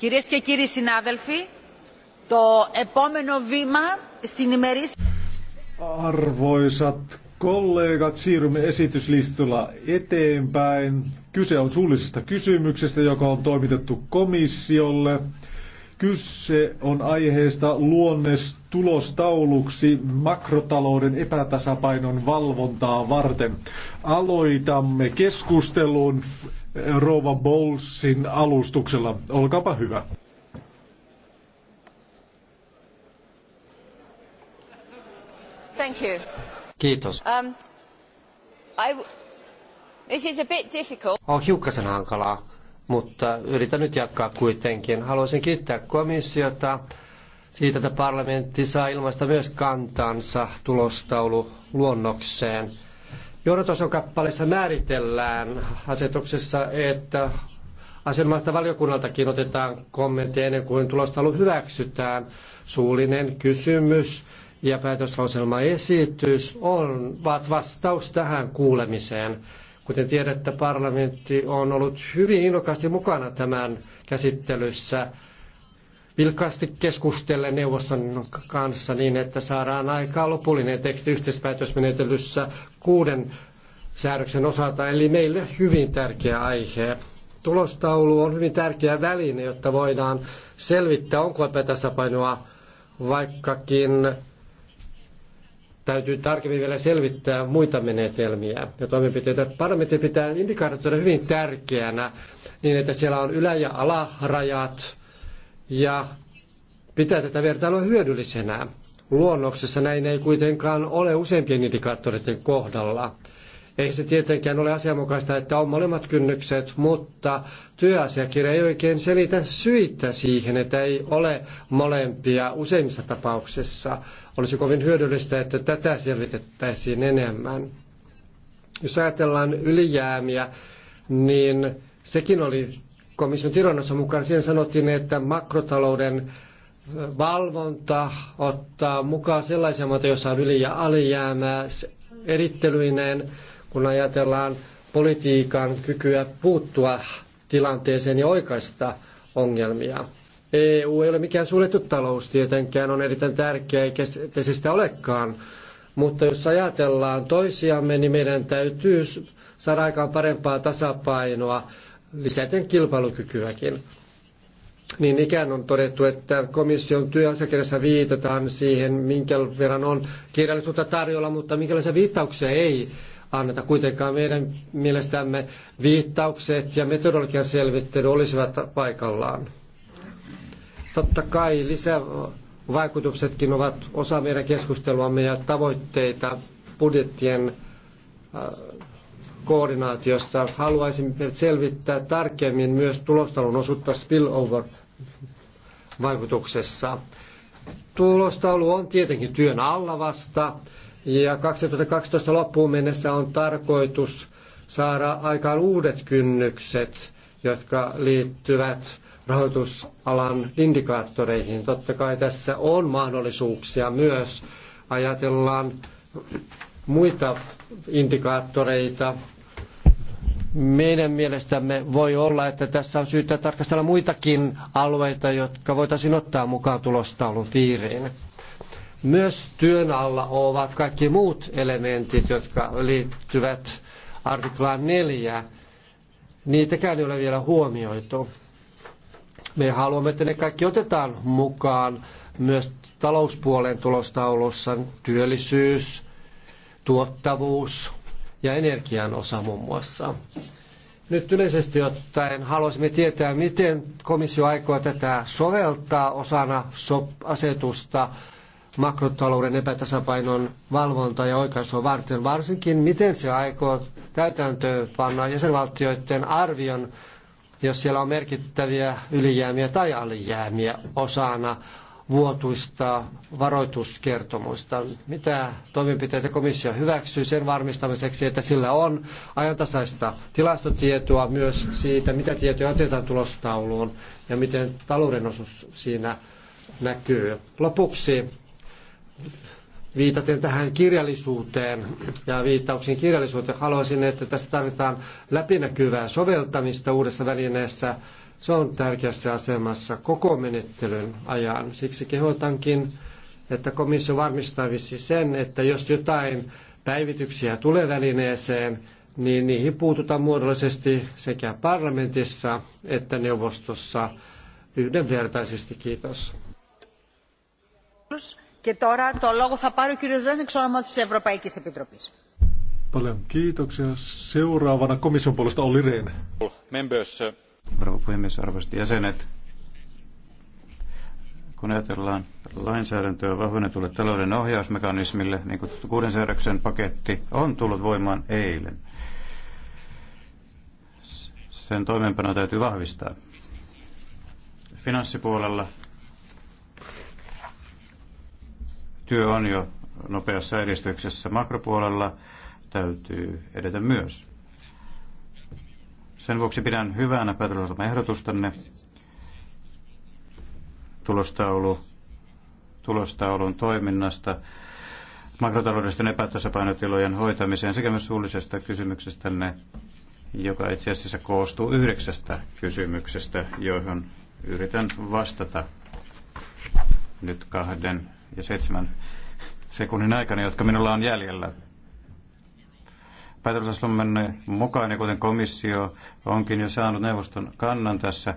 Κυρίες και κύριοι συνάδελφοι, το επόμενο βήμα στην ημερήσια... Arvoisat kollegat, siirrymme esityslistalla eteenpäin. Kyse on suullisesta kysymyksestä, joka on toimitettu komissiolle. Kyse on aiheesta luonnes tulostauluksi makrotalouden epätasapainon valvontaa varten. Aloitamme keskustelun Rova Bowlsin alustuksella. Olkaapa hyvä. Thank you. Kiitos. Um, I This is a bit difficult. On hiukkasen hankalaa, mutta yritän nyt jatkaa kuitenkin. Haluaisin kiittää komissiota siitä, että parlamentti saa ilmaista myös kantansa tulostaulu luonnokseen. Johdantason kappaleessa määritellään asetuksessa, että asianomaista valiokunnaltakin otetaan kommentti ennen kuin tulostalu hyväksytään. Suullinen kysymys ja päätöslauselmaesitys on vastaus tähän kuulemiseen. Kuten tiedätte, parlamentti on ollut hyvin innokkaasti mukana tämän käsittelyssä vilkaasti keskustellen neuvoston kanssa niin, että saadaan aikaan lopullinen teksti yhteispäätösmenetelyssä kuuden säädöksen osalta, eli meille hyvin tärkeä aihe. Tulostaulu on hyvin tärkeä väline, jotta voidaan selvittää, onko epätasapainoa, vaikkakin täytyy tarkemmin vielä selvittää muita menetelmiä ja toimenpiteitä. Parlamentti pitää indikaattoreita hyvin tärkeänä niin, että siellä on ylä- ja alarajat, ja pitää tätä vertailua hyödyllisenä. Luonnoksessa näin ei kuitenkaan ole useimpien indikaattoreiden kohdalla. Ei se tietenkään ole asianmukaista, että on molemmat kynnykset, mutta työasiakirja ei oikein selitä syitä siihen, että ei ole molempia useimmissa tapauksissa. Olisi kovin hyödyllistä, että tätä selvitettäisiin enemmän. Jos ajatellaan ylijäämiä, niin sekin oli komission tiedonannossa mukaan. Siinä sanottiin, että makrotalouden valvonta ottaa mukaan sellaisia maita, joissa on yli- ja alijäämää erittelyineen, kun ajatellaan politiikan kykyä puuttua tilanteeseen ja oikaista ongelmia. EU ei ole mikään suljettu talous tietenkään, on erittäin tärkeä, eikä se sitä olekaan. Mutta jos ajatellaan toisiamme, niin meidän täytyy saada aikaan parempaa tasapainoa lisäten kilpailukykyäkin. Niin ikään on todettu, että komission työasiakirjassa viitataan siihen, minkä verran on kirjallisuutta tarjolla, mutta minkälaisia viittauksia ei anneta. Kuitenkaan meidän mielestämme viittaukset ja metodologian selvittely olisivat paikallaan. Totta kai lisävaikutuksetkin ovat osa meidän keskusteluamme ja tavoitteita budjettien äh, koordinaatiosta. Haluaisin selvittää tarkemmin myös tulostalon osuutta spillover-vaikutuksessa. Tulostaulu on tietenkin työn alla vasta ja 2012 loppuun mennessä on tarkoitus saada aikaan uudet kynnykset, jotka liittyvät rahoitusalan indikaattoreihin. Totta kai tässä on mahdollisuuksia myös. Ajatellaan muita indikaattoreita. Meidän mielestämme voi olla, että tässä on syytä tarkastella muitakin alueita, jotka voitaisiin ottaa mukaan tulostaulun piiriin. Myös työn alla ovat kaikki muut elementit, jotka liittyvät artiklaan 4. Niitäkään ei ole vielä huomioitu. Me haluamme, että ne kaikki otetaan mukaan myös talouspuolen tulostaulussa, työllisyys, tuottavuus ja energian osa muun muassa. Nyt yleisesti ottaen haluaisimme tietää, miten komissio aikoo tätä soveltaa osana SOP-asetusta makrotalouden epätasapainon valvontaa ja oikaisua varten, varsinkin miten se aikoo täytäntöön panna jäsenvaltioiden arvion, jos siellä on merkittäviä ylijäämiä tai alijäämiä osana vuotuista varoituskertomusta. Mitä toimenpiteitä komissio hyväksyy sen varmistamiseksi, että sillä on ajantasaista tilastotietoa myös siitä, mitä tietoja otetaan tulostauluun ja miten talouden osuus siinä näkyy. Lopuksi viitaten tähän kirjallisuuteen ja viittauksiin kirjallisuuteen, haluaisin, että tässä tarvitaan läpinäkyvää soveltamista uudessa välineessä – se on tärkeässä asemassa koko menettelyn ajan. Siksi kehotankin, että komissio varmistaisi sen, että jos jotain päivityksiä tulee välineeseen, niin niihin puututaan muodollisesti sekä parlamentissa että neuvostossa yhdenvertaisesti. Kiitos. Και τώρα το λόγο θα πάρει ο κύριος Ζώας εξ ονομά της Ευρωπαϊκής Paljon kiitoksia. Seuraavana komission puolesta Olli Rehn. Members, uh, Rouva puhemies, arvoisat jäsenet, kun ajatellaan lainsäädäntöä vahvennetulle talouden ohjausmekanismille, niin kuin kuuden säädöksen paketti on tullut voimaan eilen. Sen toimeenpano täytyy vahvistaa. Finanssipuolella työ on jo nopeassa edistyksessä. Makropuolella täytyy edetä myös. Sen vuoksi pidän hyvänä päätöslauselman ehdotustanne tulostaulu, tulostaulun toiminnasta makrotaloudellisten epätasapainotilojen hoitamiseen sekä myös suullisesta kysymyksestänne, joka itse asiassa koostuu yhdeksästä kysymyksestä, joihin yritän vastata nyt kahden ja seitsemän sekunnin aikana, jotka minulla on jäljellä päätösaslumme mukaan, ja kuten komissio onkin jo saanut neuvoston kannan tässä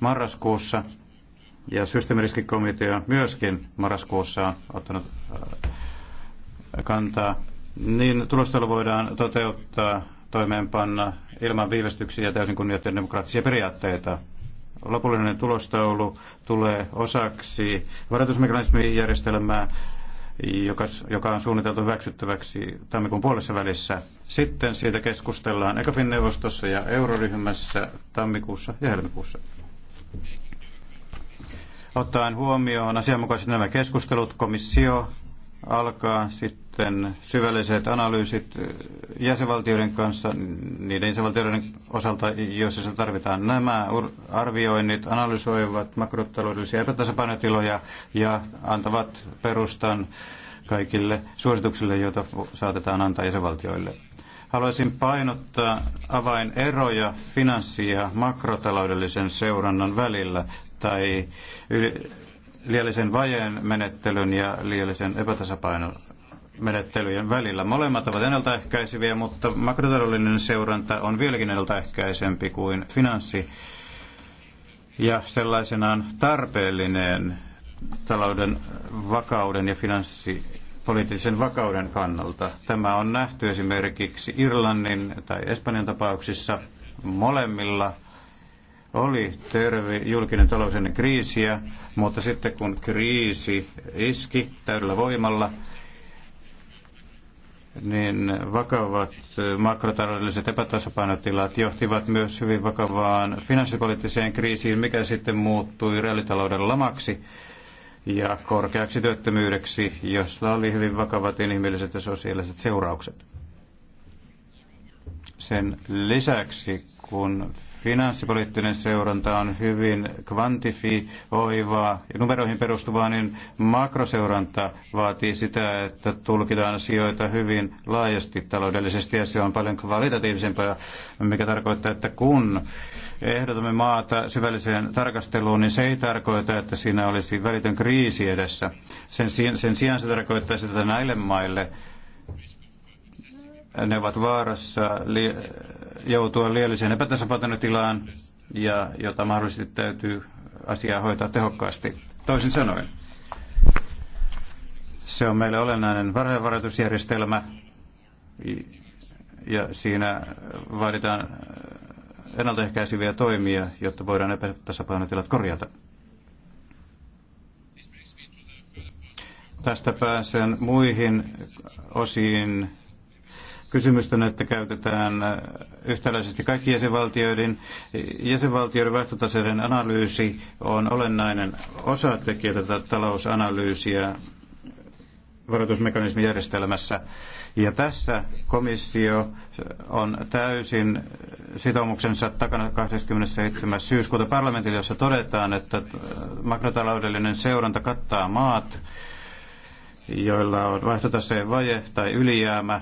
marraskuussa, ja systeemiriskikomitea myöskin marraskuussa on ottanut äh, kantaa, niin tulostelu voidaan toteuttaa, toimeenpanna ilman viivästyksiä ja täysin kunnioittain demokraattisia periaatteita. Lopullinen tulostaulu tulee osaksi varoitusmekanismijärjestelmää joka, joka on suunniteltu hyväksyttäväksi tammikuun puolessa välissä. Sitten siitä keskustellaan ECOFIN neuvostossa ja euroryhmässä tammikuussa ja helmikuussa. Ottaen huomioon asianmukaiset nämä keskustelut, komissio alkaa sitten syvälliset analyysit jäsenvaltioiden kanssa, niiden jäsenvaltioiden osalta, joissa se tarvitaan. Nämä arvioinnit analysoivat makrotaloudellisia epätasapainotiloja ja antavat perustan kaikille suosituksille, joita saatetaan antaa jäsenvaltioille. Haluaisin painottaa avaineroja finanssi- ja makrotaloudellisen seurannan välillä tai liiallisen vajeen menettelyn ja liiallisen epätasapainon menettelyjen välillä. Molemmat ovat ennaltaehkäiseviä, mutta makrotaloudellinen seuranta on vieläkin ennaltaehkäisempi kuin finanssi ja sellaisenaan tarpeellinen talouden vakauden ja finanssipoliittisen vakauden kannalta. Tämä on nähty esimerkiksi Irlannin tai Espanjan tapauksissa molemmilla oli terve julkinen talous ennen kriisiä, mutta sitten kun kriisi iski täydellä voimalla, niin vakavat makrotaloudelliset epätasapainotilat johtivat myös hyvin vakavaan finanssipoliittiseen kriisiin, mikä sitten muuttui reaalitalouden lamaksi ja korkeaksi työttömyydeksi, josta oli hyvin vakavat inhimilliset ja sosiaaliset seuraukset. Sen lisäksi, kun finanssipoliittinen seuranta on hyvin kvantifioivaa ja numeroihin perustuvaa, niin makroseuranta vaatii sitä, että tulkitaan asioita hyvin laajasti taloudellisesti ja se on paljon kvalitatiivisempaa, mikä tarkoittaa, että kun ehdotamme maata syvälliseen tarkasteluun, niin se ei tarkoita, että siinä olisi välitön kriisi edessä. Sen, sen sijaan se tarkoittaa sitä näille maille, ne ovat vaarassa li- joutua lieliseen epätasapainotilaan, ja jota mahdollisesti täytyy asiaa hoitaa tehokkaasti. Toisin sanoen, se on meille olennainen varhainvaroitusjärjestelmä, ja siinä vaaditaan ennaltaehkäiseviä toimia, jotta voidaan epätasapainotilat korjata. Tästä pääsen muihin osiin kysymystä, että käytetään äh, yhtäläisesti kaikki jäsenvaltioiden, jäsenvaltioiden vaihtotaseiden analyysi on olennainen osa tekijä tätä talousanalyysiä varoitusmekanismijärjestelmässä. Ja tässä komissio on täysin sitoumuksensa takana 27. syyskuuta parlamentille, jossa todetaan, että makrotaloudellinen seuranta kattaa maat, joilla on vaihtotaseen vaje tai ylijäämä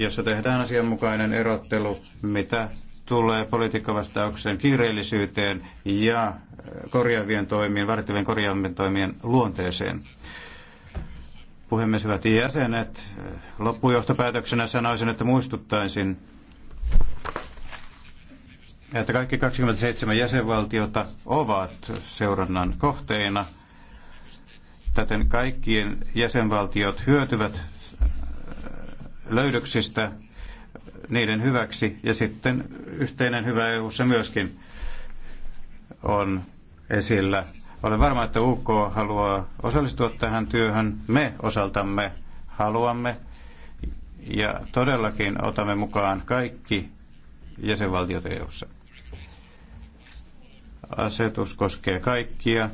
jossa tehdään asianmukainen erottelu, mitä tulee politiikkavastauksen kiireellisyyteen ja äh, korjaavien toimien, vartivien korjaavien toimien luonteeseen. Puhemies, hyvät jäsenet, äh, loppujohtopäätöksenä sanoisin, että muistuttaisin, että kaikki 27 jäsenvaltiota ovat seurannan kohteina. Täten kaikkien jäsenvaltiot hyötyvät löydöksistä niiden hyväksi ja sitten yhteinen hyvä eu myöskin on esillä. Olen varma, että UK haluaa osallistua tähän työhön. Me osaltamme haluamme ja todellakin otamme mukaan kaikki jäsenvaltiot EU:ssa. Asetus koskee kaikkia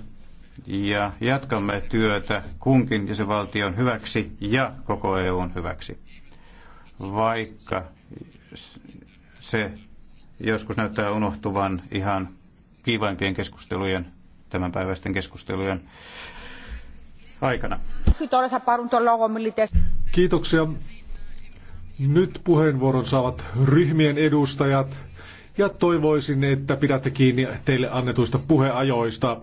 ja jatkamme työtä kunkin jäsenvaltion hyväksi ja koko EUn hyväksi vaikka se joskus näyttää unohtuvan ihan kiivaimpien keskustelujen, tämänpäiväisten keskustelujen aikana. Kiitoksia. Nyt puheenvuoron saavat ryhmien edustajat ja toivoisin, että pidätte kiinni teille annetuista puheajoista,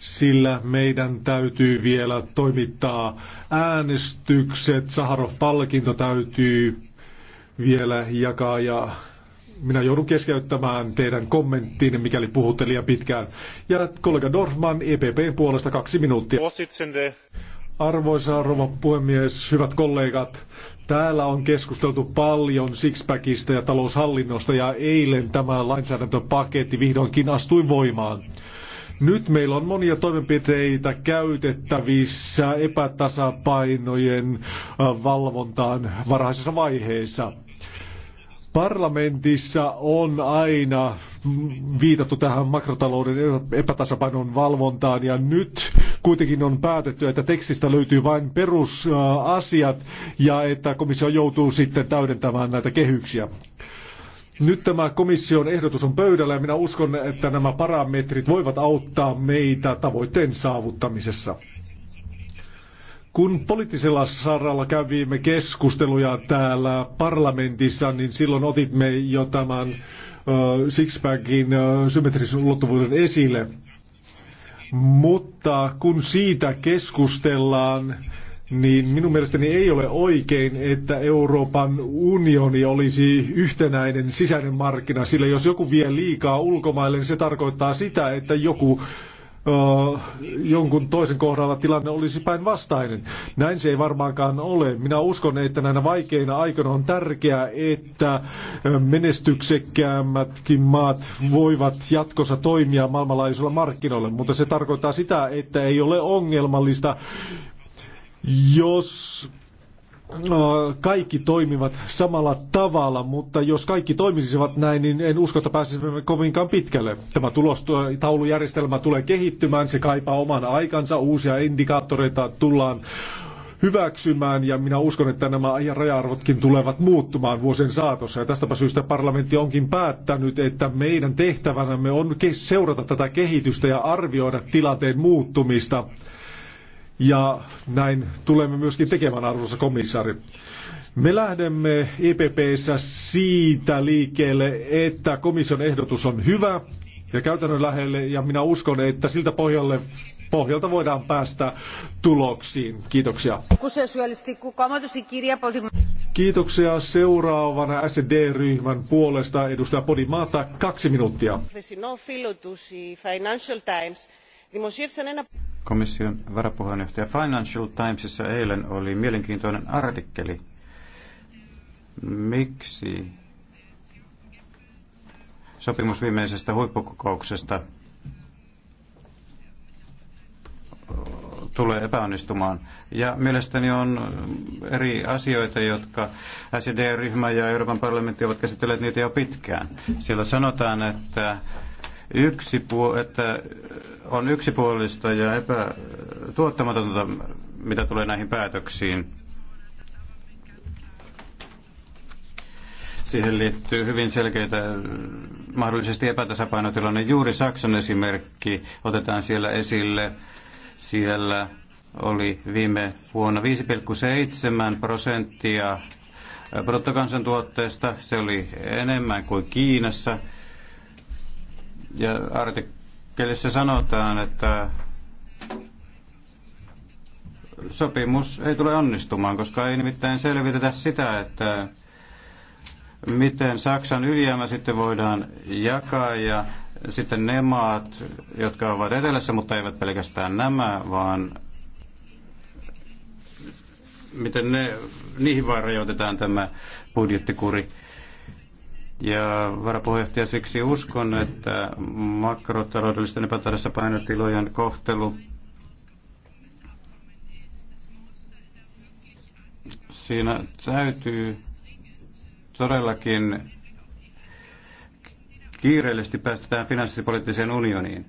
sillä meidän täytyy vielä toimittaa äänestykset. Saharov-palkinto täytyy vielä jakaa ja minä joudun keskeyttämään teidän kommenttiin, mikäli puhutte liian pitkään. Ja kollega Dorfman EPPn puolesta kaksi minuuttia. Arvoisa rouva puhemies, hyvät kollegat, täällä on keskusteltu paljon sixpackista ja taloushallinnosta ja eilen tämä lainsäädäntöpaketti vihdoinkin astui voimaan. Nyt meillä on monia toimenpiteitä käytettävissä epätasapainojen äh, valvontaan varhaisessa vaiheessa. Parlamentissa on aina viitattu tähän makrotalouden epätasapainon valvontaan ja nyt kuitenkin on päätetty, että tekstistä löytyy vain perusasiat ja että komissio joutuu sitten täydentämään näitä kehyksiä. Nyt tämä komission ehdotus on pöydällä ja minä uskon, että nämä parametrit voivat auttaa meitä tavoitteen saavuttamisessa. Kun poliittisella saralla kävimme keskusteluja täällä parlamentissa, niin silloin otimme jo tämän uh, Sixpackin uh, symmetrisen ulottuvuuden esille. Mutta kun siitä keskustellaan, niin minun mielestäni ei ole oikein, että Euroopan unioni olisi yhtenäinen sisäinen markkina, sillä jos joku vie liikaa ulkomaille, niin se tarkoittaa sitä, että joku jonkun toisen kohdalla tilanne olisi päinvastainen. Näin se ei varmaankaan ole. Minä uskon, että näinä vaikeina aikoina on tärkeää, että menestyksekkäämmätkin maat voivat jatkossa toimia maailmanlaajuisilla markkinoilla, mutta se tarkoittaa sitä, että ei ole ongelmallista, jos No, kaikki toimivat samalla tavalla, mutta jos kaikki toimisivat näin, niin en usko, että pääsisimme kovinkaan pitkälle. Tämä tulostaulujärjestelmä tulee kehittymään, se kaipaa oman aikansa, uusia indikaattoreita tullaan hyväksymään ja minä uskon, että nämä raja-arvotkin tulevat muuttumaan vuosien saatossa. Ja tästäpä syystä parlamentti onkin päättänyt, että meidän tehtävänämme on seurata tätä kehitystä ja arvioida tilanteen muuttumista ja näin tulemme myöskin tekemään, arvoisa komissaari. Me lähdemme IPPssä e siitä liikkeelle, että komission ehdotus on hyvä ja käytännön lähelle, ja minä uskon, että siltä pohjalle, pohjalta voidaan päästä tuloksiin. Kiitoksia. Kiitoksia seuraavana SD-ryhmän puolesta edustaja Podimaata. kaksi minuuttia. Komission varapuheenjohtaja Financial Timesissa eilen oli mielenkiintoinen artikkeli. Miksi sopimus viimeisestä huippukokouksesta tulee epäonnistumaan. Ja mielestäni on eri asioita, jotka SED-ryhmä ja Euroopan parlamentti ovat käsitelleet niitä jo pitkään. Siellä sanotaan, että Yksi puo, että on yksipuolista ja epätuottamatonta, mitä tulee näihin päätöksiin. Siihen liittyy hyvin selkeitä mahdollisesti epätasapainotilanne. Juuri Saksan esimerkki otetaan siellä esille. Siellä oli viime vuonna 5,7 prosenttia bruttokansantuotteesta. Se oli enemmän kuin Kiinassa. Ja artikkelissa sanotaan, että sopimus ei tule onnistumaan, koska ei nimittäin selvitetä sitä, että miten Saksan ylijäämä sitten voidaan jakaa ja sitten ne maat, jotka ovat etelässä, mutta eivät pelkästään nämä, vaan miten ne, niihin vaan rajoitetaan tämä budjettikuri. Ja varapuheenjohtaja siksi uskon, että makrotaloudellisten epätarjassa painotilojen kohtelu siinä täytyy todellakin kiireellisesti päästä finanssipoliittiseen unioniin.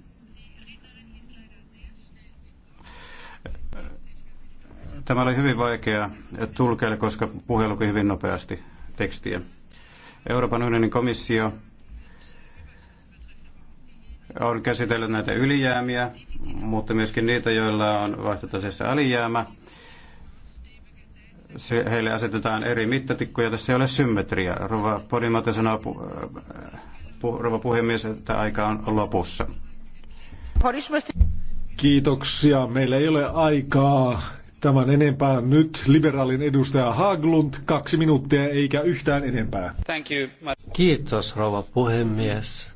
Tämä oli hyvin vaikea tulkeille, koska puhelukin hyvin nopeasti tekstiä. Euroopan unionin komissio on käsitellyt näitä ylijäämiä, mutta myöskin niitä, joilla on vaihtotaseessa alijäämä. Se, heille asetetaan eri mittatikkuja, tässä ei ole symmetria. Rova Podimata sanoo, pu, pu, rova puhemies, että aika on lopussa. Kiitoksia. Meillä ei ole aikaa Tämän enempää nyt liberaalin edustaja Haglund, kaksi minuuttia eikä yhtään enempää. Thank you. Kiitos rouva puhemies.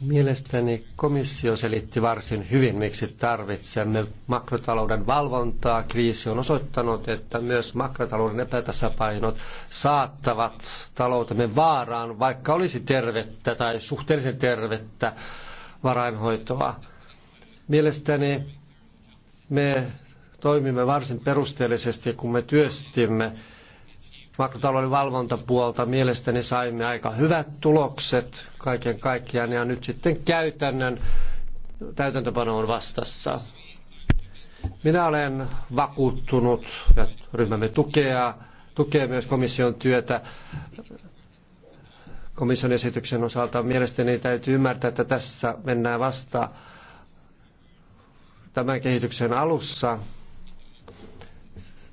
Mielestäni komissio selitti varsin hyvin, miksi tarvitsemme makrotalouden valvontaa. Kriisi on osoittanut, että myös makrotalouden epätasapainot saattavat taloutemme vaaraan, vaikka olisi tervettä tai suhteellisen tervettä varainhoitoa. Mielestäni me toimimme varsin perusteellisesti, kun me työstimme makrotalouden valvontapuolta. Mielestäni saimme aika hyvät tulokset kaiken kaikkiaan ja nyt sitten käytännön täytäntöpano on vastassa. Minä olen vakuuttunut ja ryhmämme tukea, tukee myös komission työtä komission esityksen osalta. Mielestäni täytyy ymmärtää, että tässä mennään vasta tämän kehityksen alussa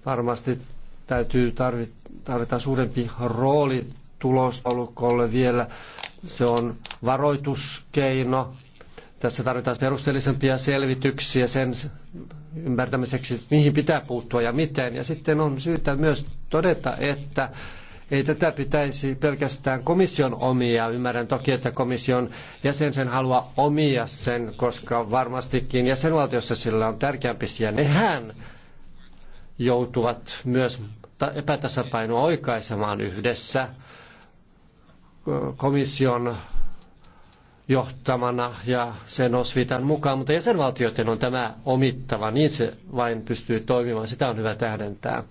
Varmasti täytyy tarvita suurempi rooli tulostaulukolle vielä. Se on varoituskeino. Tässä tarvitaan perusteellisempia selvityksiä sen ymmärtämiseksi, mihin pitää puuttua ja miten. Ja sitten on syytä myös todeta, että ei tätä pitäisi pelkästään komission omia. Ymmärrän toki, että komission jäsen sen haluaa omia sen, koska varmastikin jäsenvaltiossa sillä on tärkeämpi sija. Nehän joutuvat myös epätasapainoa oikaisemaan yhdessä komission johtamana ja sen osvitan mukaan, mutta jäsenvaltioiden on tämä omittava, niin se vain pystyy toimimaan, sitä on hyvä tähdentää.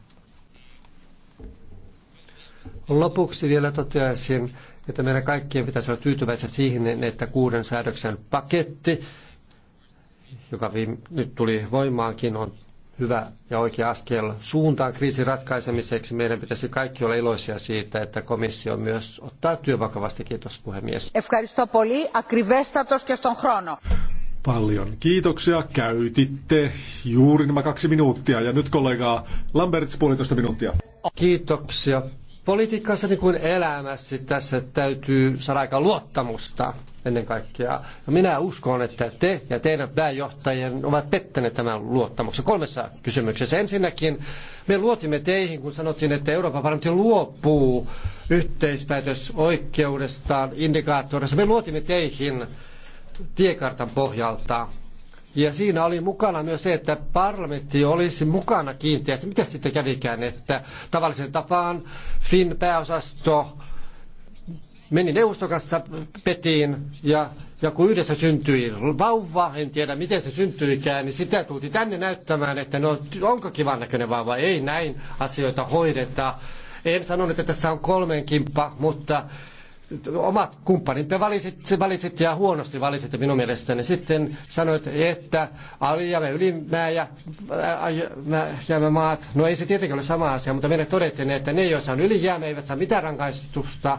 Lopuksi vielä toteaisin, että meidän kaikkien pitäisi olla tyytyväisiä siihen, että kuuden säädöksen paketti, joka viime, nyt tuli voimaankin, on hyvä ja oikea askel suuntaan kriisin ratkaisemiseksi. Meidän pitäisi kaikki olla iloisia siitä, että komissio myös ottaa työn vakavasti. Kiitos puhemies. Paljon kiitoksia. Käytitte juuri nämä kaksi minuuttia. Ja nyt kollega Lamberts puolitoista minuuttia. Kiitoksia politiikassa niin kuin elämässä tässä täytyy saada aika luottamusta ennen kaikkea. Ja no, minä uskon, että te ja teidän pääjohtajien ovat pettäneet tämän luottamuksen kolmessa kysymyksessä. Ensinnäkin me luotimme teihin, kun sanottiin, että Euroopan parlamentti luopuu yhteispäätösoikeudestaan indikaattorissa. Me luotimme teihin tiekartan pohjalta. Ja siinä oli mukana myös se, että parlamentti olisi mukana kiinteästi. Mitä sitten kävikään, että tavallisen tapaan Fin pääosasto meni neuvostokassa petiin ja, ja kun yhdessä syntyi vauva, en tiedä miten se syntyikään, niin sitä tuli tänne näyttämään, että no onko kivan näköinen vauva, ei näin asioita hoideta. En sanonut, että tässä on kolmen kimppa, mutta omat kumppanimme valitsitte, valitsit ja huonosti valitsit minun mielestäni. Sitten sanoit, että ja me ylimää ja ja me maat, no ei se tietenkin ole sama asia, mutta meille todettiin, että ne, joissa on ylijäämä, eivät saa mitään rangaistusta.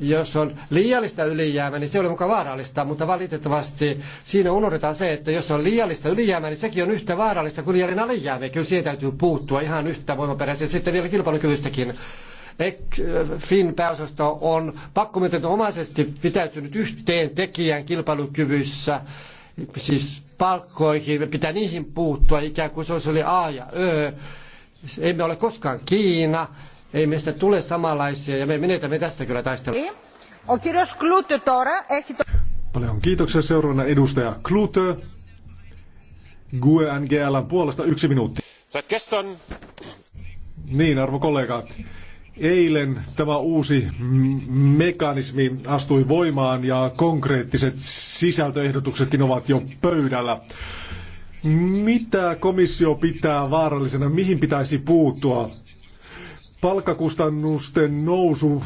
Jos on liiallista ylijäämää, niin se on mukaan vaarallista, mutta valitettavasti siinä unohdetaan se, että jos on liiallista ylijäämää, niin sekin on yhtä vaarallista kuin liiallinen alijäämä. Kyllä siihen täytyy puuttua ihan yhtä voimaperäisesti sitten vielä kilpailukyvystäkin Fin pääosasto on pakkomietonomaisesti pitäytynyt yhteen tekijän kilpailukyvyssä, siis palkkoihin, pitää niihin puuttua ikään kuin se olisi A ja Ö. Emme ole koskaan Kiina, ei meistä tule samanlaisia ja me menetämme tästä kyllä taistelua. Niin. Paljon kiitoksia seuraavana edustaja Klute. GUE NGLn puolesta yksi minuutti. Niin, arvo kollegat. Eilen tämä uusi mekanismi astui voimaan ja konkreettiset sisältöehdotuksetkin ovat jo pöydällä. Mitä komissio pitää vaarallisena, mihin pitäisi puuttua? Palkkakustannusten nousu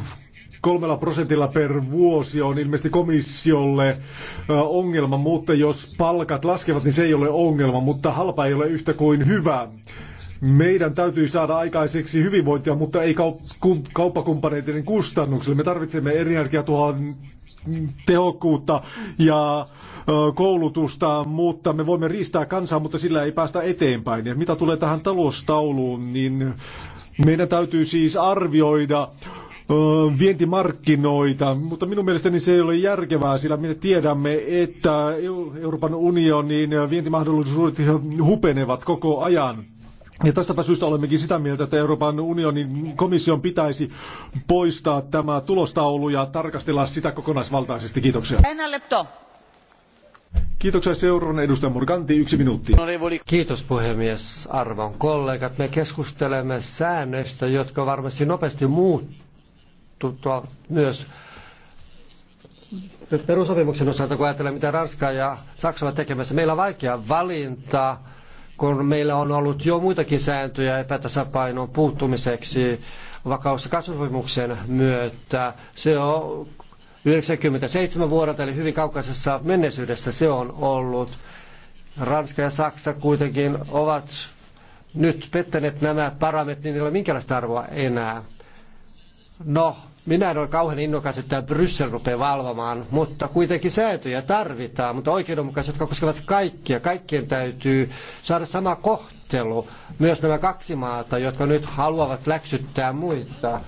kolmella prosentilla per vuosi on ilmeisesti komissiolle ongelma, mutta jos palkat laskevat, niin se ei ole ongelma, mutta halpa ei ole yhtä kuin hyvä. Meidän täytyy saada aikaiseksi hyvinvointia, mutta ei kauppakumppaneiden kustannuksille. Me tarvitsemme energiatuhan tehokkuutta ja koulutusta, mutta me voimme riistää kansaa, mutta sillä ei päästä eteenpäin. Ja mitä tulee tähän taloustauluun, niin meidän täytyy siis arvioida vientimarkkinoita, mutta minun mielestäni se ei ole järkevää, sillä me tiedämme, että Euroopan unionin vientimahdollisuudet hupenevat koko ajan. Ja tästäpä syystä olemmekin sitä mieltä, että Euroopan unionin komission pitäisi poistaa tämä tulostaulu ja tarkastella sitä kokonaisvaltaisesti. Kiitoksia. Kiitoksia seuraavan edustaja Morganti, yksi minuutti. Kiitos puhemies, arvon kollegat. Me keskustelemme säännöistä, jotka varmasti nopeasti muuttuvat myös perusopimuksen osalta, kun ajatellaan mitä Ranska ja Saksa ovat tekemässä. Meillä on vaikea valinta kun meillä on ollut jo muitakin sääntöjä epätasapainoon puuttumiseksi vakaus- ja kasvusopimuksen myötä. Se on 97 vuodelta, eli hyvin kaukaisessa menneisyydessä se on ollut. Ranska ja Saksa kuitenkin ovat nyt pettäneet nämä parametrit, niillä ei ole minkäänlaista arvoa enää. No, minä en ole kauhean innokas, että Bryssel rupeaa valvomaan, mutta kuitenkin sääntöjä tarvitaan, mutta oikeudenmukaiset, jotka koskevat kaikkia. Kaikkien täytyy saada sama kohtelu. Myös nämä kaksi maata, jotka nyt haluavat läksyttää muita.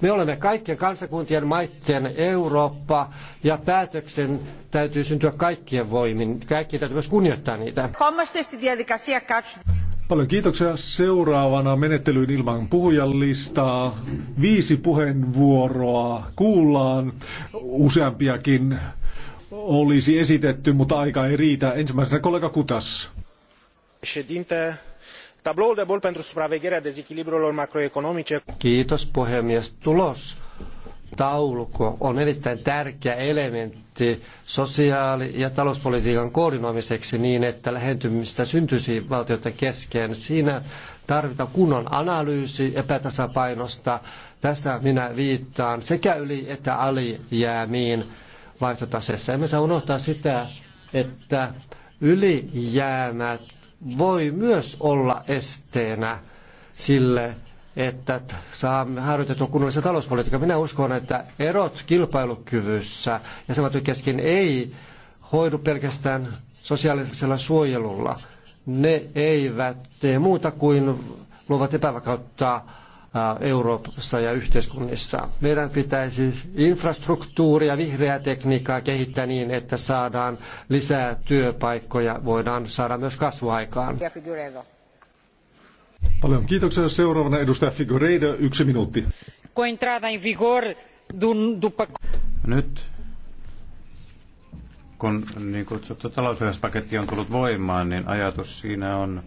Me olemme kaikkien kansakuntien maitten Eurooppa ja päätöksen täytyy syntyä kaikkien voimin. Kaikki täytyy myös kunnioittaa niitä. Paljon kiitoksia. Seuraavana menettelyyn ilman puhujan Viisi puheenvuoroa kuullaan. Useampiakin olisi esitetty, mutta aika ei riitä. Ensimmäisenä kollega Kutas. Tabloul de bol pentru supravegherea dezechilibrelor macroeconomice. Kiitos puhemies. Tulos taulukko on erittäin tärkeä elementti sosiaali- ja talouspolitiikan koordinoimiseksi niin, että lähentymistä syntyisi valtioiden kesken. Siinä tarvitaan kunnon analyysi epätasapainosta. Tässä minä viittaan sekä yli- että alijäämiin vaihtotaseessa. Emme saa unohtaa sitä, että ylijäämät voi myös olla esteenä sille, että saamme harjoitettua kunnollista talouspolitiikkaa. Minä uskon, että erot kilpailukyvyssä ja samat kesken ei hoidu pelkästään sosiaalisella suojelulla. Ne eivät tee muuta kuin luovat epävakautta äh, Euroopassa ja yhteiskunnissa. Meidän pitäisi infrastruktuuria, vihreää tekniikkaa kehittää niin, että saadaan lisää työpaikkoja, voidaan saada myös kasvuaikaan. Paljon kiitoksia. Seuraavana edustaja Figureido, yksi minuutti. Nyt kun niin kutsuttu talousyhdyspaketti on tullut voimaan, niin ajatus siinä on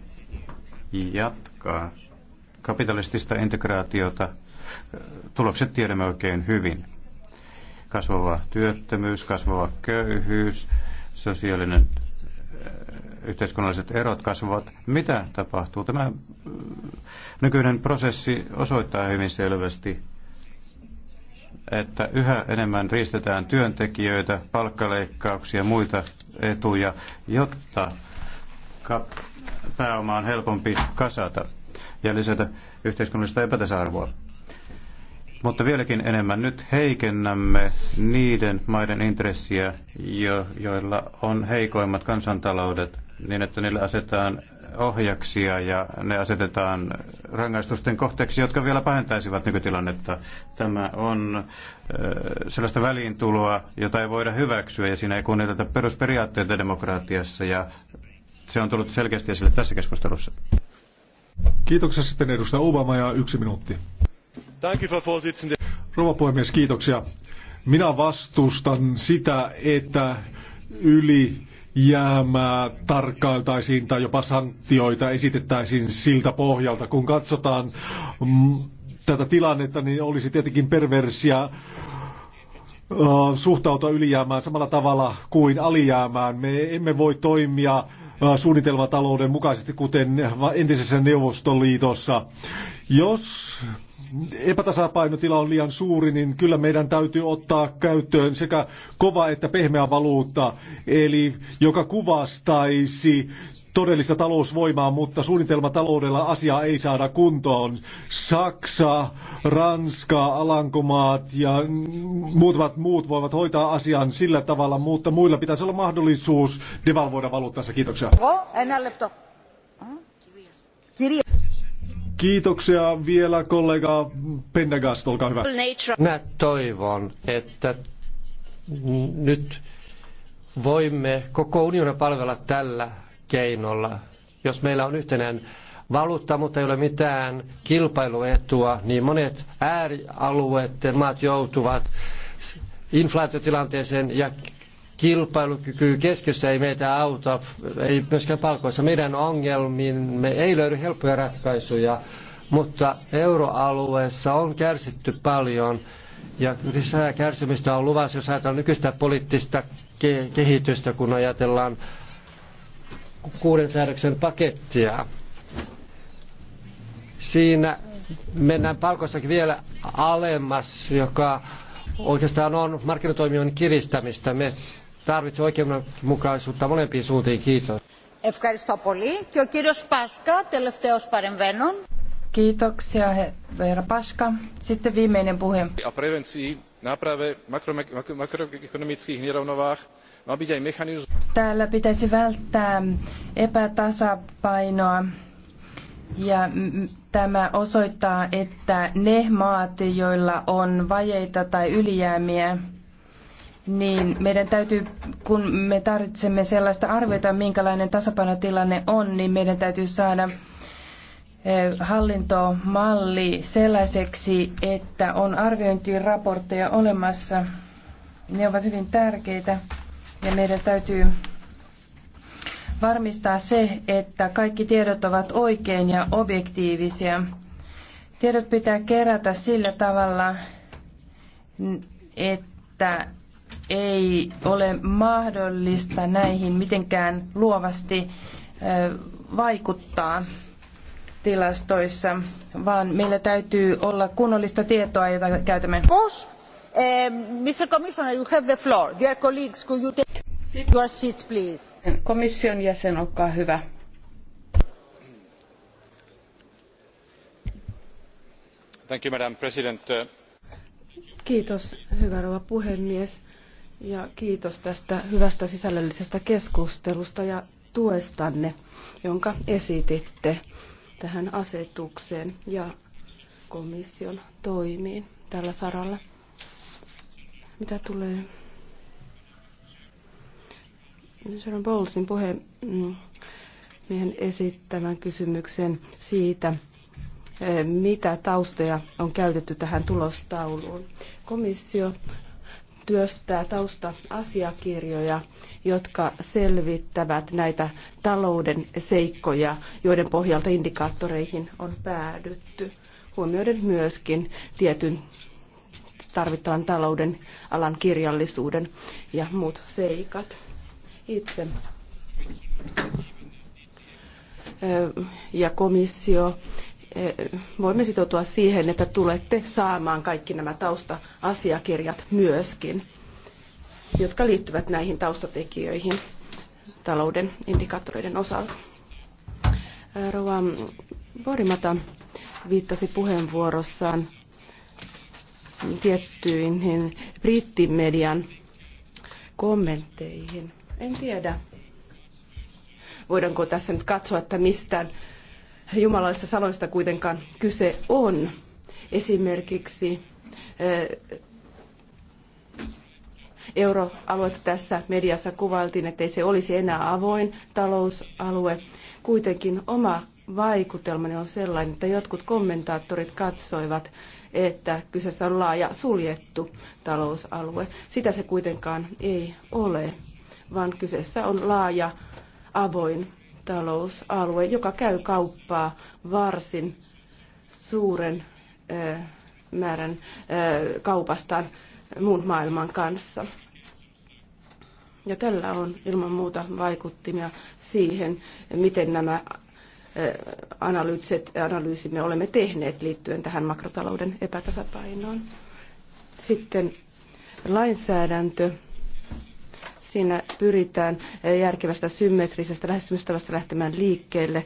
jatkaa kapitalistista integraatiota. Tulokset tiedämme oikein hyvin. Kasvava työttömyys, kasvava köyhyys, sosiaalinen yhteiskunnalliset erot kasvavat. Mitä tapahtuu? Tämä äh, nykyinen prosessi osoittaa hyvin selvästi, että yhä enemmän riistetään työntekijöitä, palkkaleikkauksia ja muita etuja, jotta pääoma on helpompi kasata ja lisätä yhteiskunnallista epätasa-arvoa. Mutta vieläkin enemmän nyt heikennämme niiden maiden intressiä, jo, joilla on heikoimmat kansantaloudet niin, että niille asetetaan ohjaksia ja ne asetetaan rangaistusten kohteeksi, jotka vielä pahentaisivat nykytilannetta. Tämä on sellaista väliintuloa, jota ei voida hyväksyä ja siinä ei kunnioiteta perusperiaatteita demokratiassa ja se on tullut selkeästi esille tässä keskustelussa. Kiitoksia sitten edustaja Obama ja yksi minuutti. Rouva puhemies, kiitoksia. Minä vastustan sitä, että yli jäämää tarkkailtaisiin tai jopa sanktioita esitettäisiin siltä pohjalta. Kun katsotaan mm, tätä tilannetta, niin olisi tietenkin perversia suhtautua ylijäämään samalla tavalla kuin alijäämään. Me emme voi toimia suunnitelmatalouden mukaisesti, kuten entisessä Neuvostoliitossa. Jos epätasapainotila on liian suuri, niin kyllä meidän täytyy ottaa käyttöön sekä kova että pehmeä valuutta, eli joka kuvastaisi todellista talousvoimaa, mutta suunnitelmataloudella asiaa ei saada kuntoon. Saksa, Ranska, Alankomaat ja muutamat muut voivat hoitaa asian sillä tavalla, mutta muilla pitäisi olla mahdollisuus devalvoida valuuttansa. Kiitoksia. Kirja. Kiitoksia vielä kollega Pendagast, olkaa hyvä. Mä toivon, että nyt voimme koko unionin palvella tällä keinolla. Jos meillä on yhtenäinen valuutta, mutta ei ole mitään kilpailuetua, niin monet äärialueiden maat joutuvat inflaatiotilanteeseen ja kilpailukyky keskiössä ei meitä auta, ei myöskään palkoissa. Meidän ongelmiimme ei löydy helppoja ratkaisuja, mutta euroalueessa on kärsitty paljon ja lisää kärsimystä on luvassa, jos ajatellaan nykyistä poliittista kehitystä, kun ajatellaan kuuden säädöksen pakettia. Siinä mennään palkoistakin vielä alemmas, joka oikeastaan on markkinatoimijoiden kiristämistä. Me tarvitsee oikeudenmukaisuutta molempiin suuntiin. Kiitos. Ευχαριστώ πολύ. Και ο κύριος Πάσκα, τελευταίος παρεμβαίνων. Kiitoksia, Paska. Sitten viimeinen puhe. A prevencii, náprave makroekonomických nerovnovách má Täällä pitäisi välttää epätasapainoa ja tämä osoittaa, että ne maat, joilla on vajeita tai ylijäämiä, niin meidän täytyy, kun me tarvitsemme sellaista arviota, minkälainen tasapainotilanne on, niin meidän täytyy saada eh, hallintomalli sellaiseksi, että on arviointiraportteja olemassa. Ne ovat hyvin tärkeitä ja meidän täytyy varmistaa se, että kaikki tiedot ovat oikein ja objektiivisia. Tiedot pitää kerätä sillä tavalla, että ei ole mahdollista näihin mitenkään luovasti vaikuttaa tilastoissa, vaan meillä täytyy olla kunnollista tietoa, jota käytämme. Pos, eh, Mr. Commissioner, you have the floor. Dear colleagues, could you take your seats, please? Komission jäsen, olkaa hyvä. Thank you, Madam President. Kiitos, hyvä rouva puhemies. Ja kiitos tästä hyvästä sisällöllisestä keskustelusta ja tuestanne, jonka esititte tähän asetukseen ja komission toimiin tällä saralla. Mitä tulee Sharon Bowlesin puheen esittämän kysymyksen siitä, eh, mitä taustoja on käytetty tähän tulostauluun. Komissio työstää tausta-asiakirjoja, jotka selvittävät näitä talouden seikkoja, joiden pohjalta indikaattoreihin on päädytty, huomioiden myöskin tietyn tarvittavan talouden alan kirjallisuuden ja muut seikat. Itse ja komissio Eh, voimme sitoutua siihen, että tulette saamaan kaikki nämä tausta-asiakirjat myöskin, jotka liittyvät näihin taustatekijöihin talouden indikaattoreiden osalta. Eh, Rova Borimata viittasi puheenvuorossaan tiettyihin brittimedian kommentteihin. En tiedä, voidaanko tässä nyt katsoa, että mistään jumalaisista sanoista kuitenkaan kyse on. Esimerkiksi eh, euroaluetta tässä mediassa kuvailtiin, ettei se olisi enää avoin talousalue. Kuitenkin oma vaikutelmani on sellainen, että jotkut kommentaattorit katsoivat, että kyseessä on laaja suljettu talousalue. Sitä se kuitenkaan ei ole, vaan kyseessä on laaja avoin talousalue, joka käy kauppaa varsin suuren määrän kaupasta muun maailman kanssa. Ja tällä on ilman muuta vaikuttimia siihen, miten nämä analyysit, analyysimme olemme tehneet liittyen tähän makrotalouden epätasapainoon. Sitten lainsäädäntö Siinä pyritään järkevästä symmetrisestä lähestymistavasta lähtemään liikkeelle.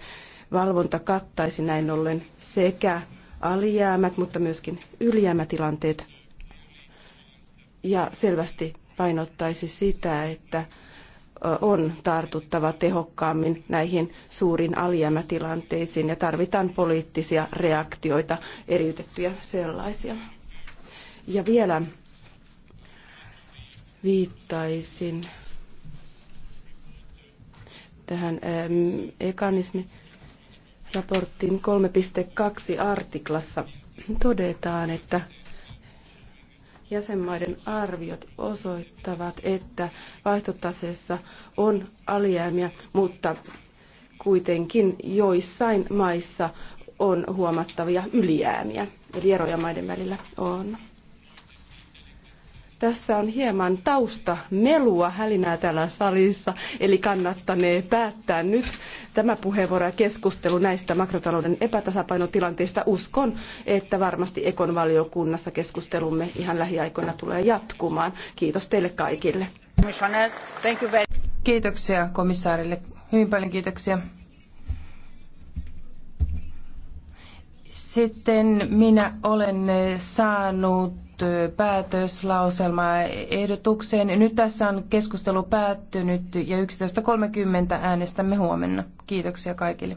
Valvonta kattaisi näin ollen sekä alijäämät, mutta myöskin ylijäämätilanteet. Ja selvästi painottaisi sitä, että on tartuttava tehokkaammin näihin suuriin alijäämätilanteisiin ja tarvitaan poliittisia reaktioita, eriytettyjä sellaisia. Ja vielä viittaisin tähän raporttiin 3.2 artiklassa todetaan, että jäsenmaiden arviot osoittavat, että vaihtotaseessa on alijäämiä, mutta kuitenkin joissain maissa on huomattavia ylijäämiä, eli eroja maiden välillä on. Tässä on hieman tausta melua hälinää täällä salissa, eli kannattanee päättää nyt tämä puheenvuoro ja keskustelu näistä makrotalouden epätasapainotilanteista. Uskon, että varmasti Ekon valiokunnassa keskustelumme ihan lähiaikoina tulee jatkumaan. Kiitos teille kaikille. Kiitoksia komissaarille. Hyvin paljon kiitoksia. Sitten minä olen saanut päätöslauselmaa ehdotukseen. Nyt tässä on keskustelu päättynyt ja 11.30 äänestämme huomenna. Kiitoksia kaikille.